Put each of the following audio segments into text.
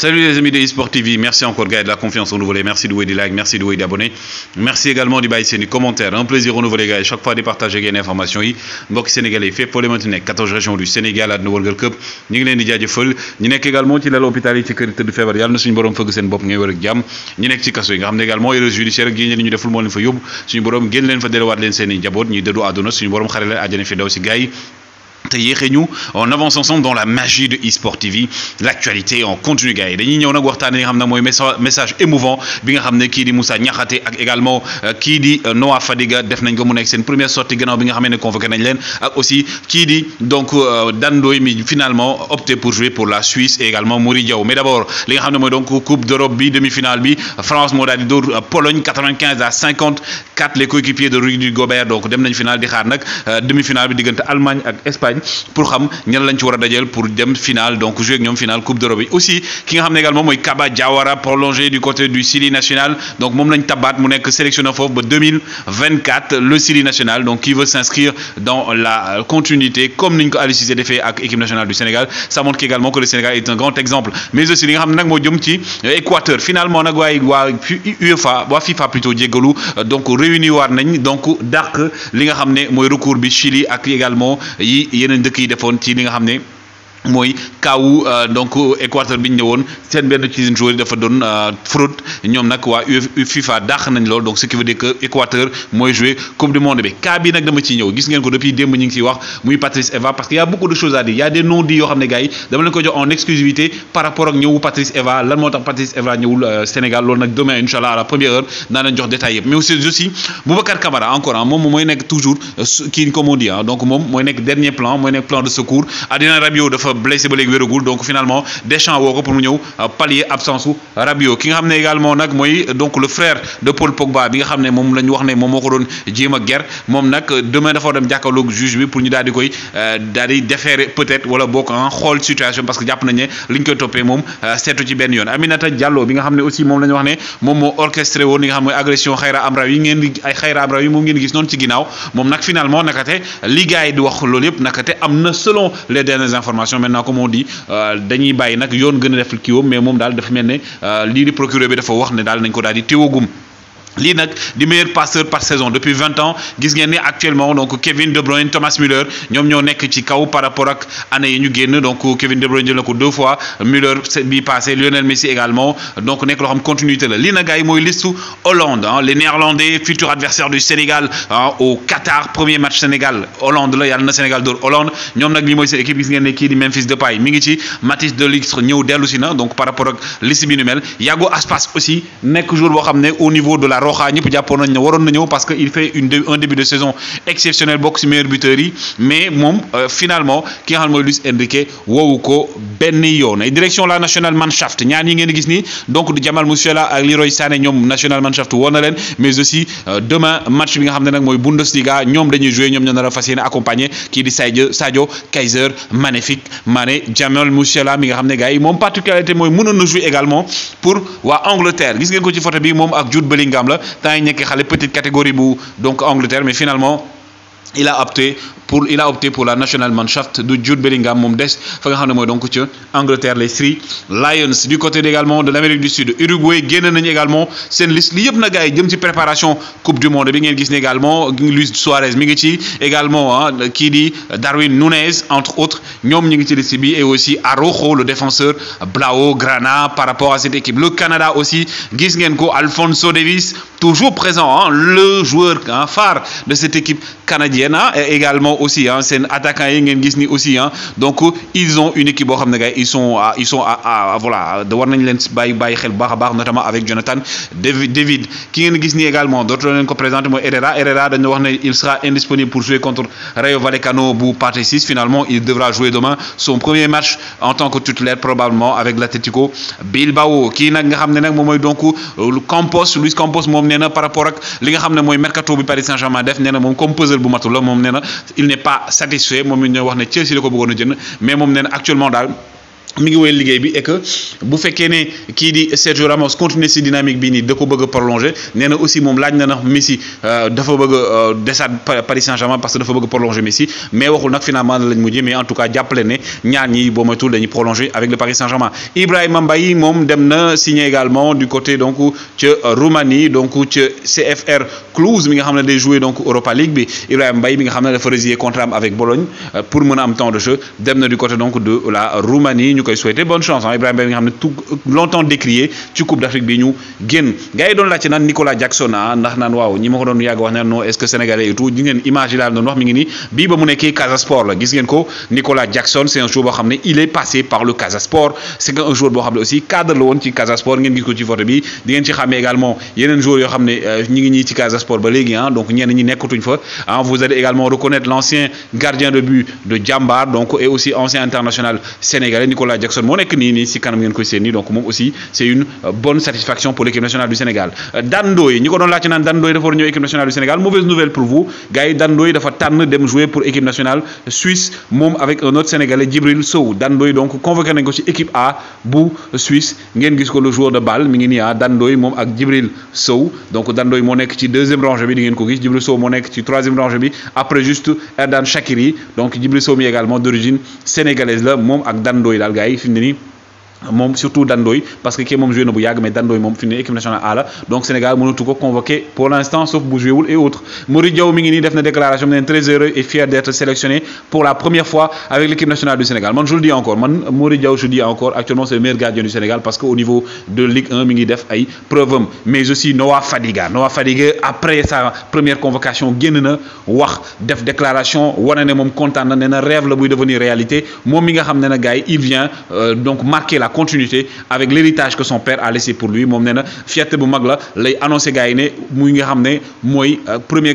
Salut les amis de eSport TV, merci encore gars de la confiance renouvelée, merci de vous des merci de vous abonner, merci également de baisser c'est commentaires, un plaisir renouvelé gars, chaque fois de partager les informations yi mbokk sénégalais fépp foo leen nekk 14 régions du Sénégal àdduna wërngal këpp ñu ngi leen di jaajëfal ñu nekk également ci lal hôpital yi ci kër yi tëdd feebar yàlla na suñu borom fëgg seen bopp ngay wër ak jàmm ñu nekk ci kaso yi nga xam ne également erreur judiciaire ak yi ñu deful moo leen fa yóbbu suñu borom génn leen fa delluwaat leen seen i njaboot ñuy dëddu àdduna suñu borom xare leen àjjana fi daw si gars yi Tayerenu, on avance ensemble dans la magie de eSport TV, l'actualité en continu gaay dañuy ñëw ont waxtaanee un nga message émouvant bi nga qui dit di Moussa Niakhaté ak également qui euh, di euh, Noah Fadiga def nañ ko mu nekk première sortie gannaaw bi nga xam convoqué nañ leen ak aussi qui di donc euh, Dan mi finalement opté pour jouer pour la Suisse et également Mory Diaw mais d'abord les li nga donc coupe d'Europe bi demi-finale bi France moo di Pologne 95 à 54 les coéquipiers de Rudy Gobert donc dem nañ finale di xaar demi-finale bi diggante Allemagne ak Espagne pour xam ñan lañ ci wara pour dem finale donc jouer ak ñom finale coupe d'Europe aussi ki nga également moy Kaba Jawara prolongé du côté du Sili national donc mom lañ tabat mu nek sélectionneur foofu ba 2024 le Sili national donc qui veut s'inscrire dans la continuité comme niñ ko Aliou Cissé ak équipe nationale du Sénégal ça montre également que le Sénégal est un grand exemple mais aussi li nga xam nak nag jëm ci Équateur finalement nak way wa UEFA Wa FIFA plutôt jéggalu donc réuni war nañ donc dàq li nga xam moy recours bi Chili ak également yi yeneen dëkk yi defoon ci li nga xam ne moy kaou euh, donc Équateur bi ñu ñëwoon seen benn ci joueur yi dafa euh, fruit, fraude ñoom nag U FIFA dakh nañ lool donc ce qui veut dire que Équateur moy jouer coupe du monde bi kabinek de nak dama ci ñew gis ngeen ko depuis demb ñu ngi ciy wax muy Patrice Eva parce qu'il y' a beaucoup de choses à dire il y' a des noms dits yo xamné gaay dama lañ ko jox en exclusivité par rapport ak ñewu Patrice Eva lan motax Patrice Eva ñewul euh, Sénégal lool nak demain inchallah à la première heure dans un jox détail mais aussi aussi Boubacar Camara encore ah moom mooy toujours qui comme on dit ah, donc mom moy nek dernier plan moy nek plan de secours adina Rabiot dafa blessé ba léegi wéragul donc finalement Deschamps woo pour mu ñëw euh, pallier absence ou Rabiot ki nga également nak mooy euh, donc le frère de Paul Pogba bi nga xam ne moom la ñu wax ne guerre moom nak euh, demain dafa dem jàkkaarloog juge bi pour ñu daal di koy di déférer peut-être wala bokk en hein, xool situation parce que jàpp nañ ne li ñu koy toppee moom seetu ci benn yoon Aminata Diallo bi nga aussi moom la ñu wax ne moom moo orchestré woon li nga xam agression Khaira Amraoui yi ngeen di ay Xayra Amraoui yi moom ngeen gis ci finalement nakate li gars yi di wax loolu nakate am selon les dernières informations maintenant comme on dit euh, dañuy bàyyi nag yoon gën a def kiiwam mais moom daal dafa mel ne euh, lii di procureur bi dafa wax ne daal nañ ko daal di téwagum lii le di meilleur passeur par saison depuis 20 ans gis actuellement donc Kevin De Bruyne Thomas Müller ñom ñoo nekk ci kaw par rapport ak année yi ñu donc Kevin De Bruyne jël deux fois Müller bi passé Lionel Messi également donc nekk lo xam continuité la Li nak Hollande hein. les Néerlandais futur adversaire du Sénégal hein, au Qatar premier match Sénégal Hollande y a na Sénégal d'or, Hollande ñom nak li moy cette équipe gis ngeen ki di Memphis Depay mi ngi ci de Ligt ñeu dellu si na donc par rapport ak liste bi ñu mel Yago Aspas aussi nekk jour bo xamné au niveau de la Roja ñep jàppoon nañ waron na ñëw parce que il fait une un début de saison exceptionnel boxe ci meilleur buteur yi mais mom euh, finalement ki nga xam moy Luis Enrique wowuko ben direction la nationale manshaft ñaan yi ngeen gis ni donc Jamal Musiala ak Leroy Sané ñoom national manshaft woon na mais aussi euh, demain match bi nga xam ne Bundesliga ñom dañuy jouer ñom ñana nar a accompagner ki di Sadio Sadio Kaiser magnifique Mané Jamal Musiala mi nga xam ne gars yi particularité moy mënoon na jouer également pour wa Angleterre gis ngeen ko ci photo bi mom ak Jude Bellingham la T'as une petite catégorie donc Angleterre mais finalement il a opté pour il a opté pour la national mannschaft de Jude Bellingham mom Faghan fa nga Angleterre les Three Lions du côté également de l'Amérique du Sud Uruguay génn également Senlis, liste li yeb na préparation coupe du monde bi également Luis Suarez mi également ah, Kili, Darwin Nunez entre autres ñom ñi ngi ci et aussi Arojo, le défenseur Grana par rapport à cette équipe le Canada aussi gis Alfonso, ko toujours présent ah, le joueur ah, phare de cette équipe canadienne également aussi hein attaquant, attaquants yi ngeen gis ni aussi hein donc ils ont une équipe bo xamné ils sont ils sont à voilà war nañ len bàyyi bàyyi xel bu baax notamment avec Jonathan David Qui ngeen gis ni également D'autres len ko présenter mooy Herrera Herrera dañu wax né il sera indisponible pour jouer contre Rayo Vallecano bu partie 6 finalement il devra jouer demain son premier match en tant que titulaire probablement avec l'Atletico Bilbao Qui nak nga xamné nak nag donc mooy donc euh, Campos Luis Campos mom néna par rapport ak li nga xamné moy mercato bi Paris Saint-Germain def néna mom moom comme puzzle bu matul n'est pas satisfait moom it ñoo wax ne Chelsea la ko bëggoon a jënd mais moom nee actuellement daal mi ngi wéyal bi et que bu fekkee ne kii di Sergio Ramos continuer cette dynamique bi nii da ko bëgg prolonger nee aussi mon laaj na na Messi euh, dafa bëgg a euh, desaat Paris Saint-Germain parce que dafa bëgg prolonger Messi mais waxul final finalement lañ mujjee mais en tout cas jàppale ni ñaar ñi boo moytuwul dañuy prolonger avec le Paris Saint-Germain Ibrahim Mbaye mon dem na signé également du côté donc de Roumanie donc ca CFR Cluj mais nga xam ne jouer donc Europa League bi Ibrahim Mbaye mais nga xam ne dafa résilier contrat avec Bologne euh, pour mën am temps de jeu dem du côté donc de la Roumanie je souhaite bonne chance Ibrahim hein, Ibrahima Mbaye longtemps décrié ci Coupe d'Afrique bi ñu génn gars yi doon Nicolas Jackson N'a ah, ndax naan waaw ñi ma doon wax non est-ce que sénégalais et tout ñu ngeen image yi daal doon wax mi ngi nii ba mu Casa Sport la gis ko Nicolas Jackson c'est un joueur boo xam il est passé par le Casa Sport c'est un joueur boo xam aussi cadre la woon ci Casa Sport ngeen gis ko ci photo bi di ngeen ci également yeneen joueurs yoo xam ne euh, ñi ngi ñii ci Casa Sport ba léegi ah donc ñenn ñi nekkatuñ fa fois. Ah, vous allez également reconnaître l'ancien gardien de but de Diambar donc et aussi ancien international sénégalais Nicolas Jackson mo nek ni ni ci kanam ngeen koy seen donc mom aussi c'est une euh, bonne satisfaction pour l'équipe nationale du Sénégal euh, Dan Ndoye ñi ko doon laajte naan Dan Ndoye dafa war équipe nationale du Sénégal mauvaise nouvelle pour vous gars yi dafa tànn dem jouer pour équipe nationale Suisse mom avec un autre Sénégalais Djibril Sow Dan Ndoye donc convoqué nañ ko ci équipe A bu Suisse ngeen gis ko le joueur de balle mi ngi nii a ah, Dan Ndoye ak Djibril Sow donc Dan Ndoye moo ci deuxième rangée bi di ngeen ko gis Djibril Sow mo nek ci troisième rangée bi après juste Erdan Shakiri donc Djibril Sow mi également d'origine sénégalaise la mom ak Dan Ndoye العيش النريم surtout Dandoy parce que kii mom joué na bu Yag mais Dandoy mom fini équipe nationale A la donc Sénégal mënatu ko convoqué pour l'instant sauf bu wul et autres Mory Diaw mi ngi def na déclaration très heureux et fier d'être sélectionné pour la première fois avec l'équipe nationale du Sénégal man je le dis encore man Mory Diaw je dis encore actuellement c'est le meilleur gardien du Sénégal parce que au niveau de Ligue 1 mi ngi def ay preuve mais aussi Noah Fadiga Noah Fadiga après sa première convocation il na wax def déclaration il est content content na na rêve la buy devenir réalité mom mi nga xamné na gars il vient euh, donc marquer la continuité avec l'héritage que son père a laissé pour lui mom nee na fierté bu mag la lay annoncé gars yi muy nga xamné moy euh, premier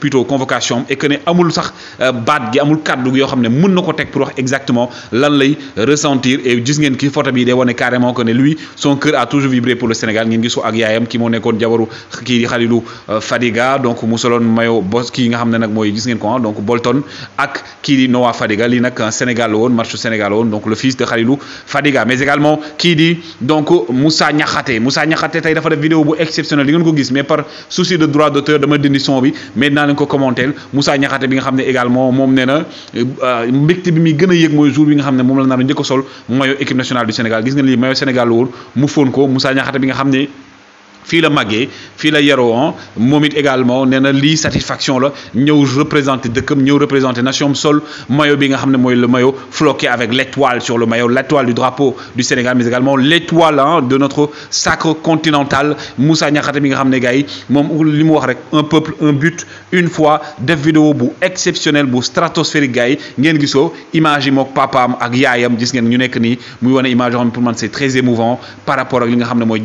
plutôt convocation et que né amul sax euh, bat gi amul cadeau yo xamné mën nako tek pour wax exactement lan lay ressentir et gis ngeen ki photo bi dé wane carrément que lui son cœur a toujours vibré pour le Sénégal ngeen gisoo ak yayam ki mo nekkoon jabaru ki di Khalilou euh, Fadiga donc mu soloon mayo boss ki nga xamné nak moy gis ngeen ko ah, donc Bolton ak ki di Noah Fadiga lii nag Sénégal won marche match Sénégal won donc le fils de Khalilou Fadiga mais également qui dit, donc Moussa Niakhaté Moussa Niakhaté tey dafa def vidéo bu exceptionnel di ngeen ko mais par souci de droit d'auteur dama dindi son bi mais dinaa leen ko commenter Moussa Niakhaté bi nga xam également moom nee na euh, mbégte bi muy gën a yëg jour bi nga xam ne la nar a njëkk équipe nationale du Sénégal gis ngeen lii maillot Sénégal la mu fóon ko Moussa Niakhaté bi nga xam fille la màggee fii la yaroo ah, momit également on a lii satisfaction la ñëw de comme nous représenter, nation am sol maillot bi nga xam le maillot floqué avec l'étoile sur le maillot l'étoile du drapeau du Sénégal mais également l'étoile ah, de notre sacre continental Moussa Niakhaté bi nga xam ne wax rek un peuple un but une fois des vidéo bou exceptionnel bou stratosphérique gars yi ngeen gisoo image yi papa am ak yayam, gis ngeen ñu nekk nii muy wane image pour man c'est très émouvant par rapport ak li nga xam ne mooy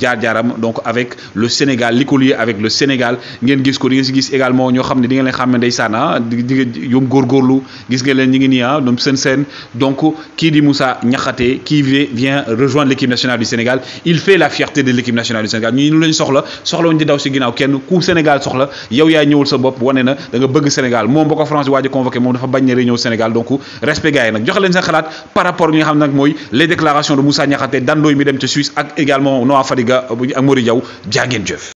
donc avec le Sénégal li avec le Sénégal ngeen gis ko di ngeen gis également ño xamné di ngeen lay xàmme ndeysaan ah di gor gorlu gis ngeen len ñi ngi ni ah ñoom seen seen donc kii di Moussa Niakhaté qui vient rejoindre l'équipe nationale du Sénégal il fait la fierté de l'équipe nationale du Sénégal ñu ñu lañ soxla soxla wuñ di daw ci ginaaw kenn ku Sénégal soxla yow ya ñewul sa bop woné na da nga bëgg Sénégal mom ba France waaj convoqué mom dafa bañ ne réunion Sénégal donc respect gars yi nag joxe leen sa xalaat par rapport ñi nga xam nag mooy les déclarations de Moussa Niakhaté dandooy mi dem ci Suisse ak également Noah Fadiga ak Mori Diaw jaa ngeen jëf.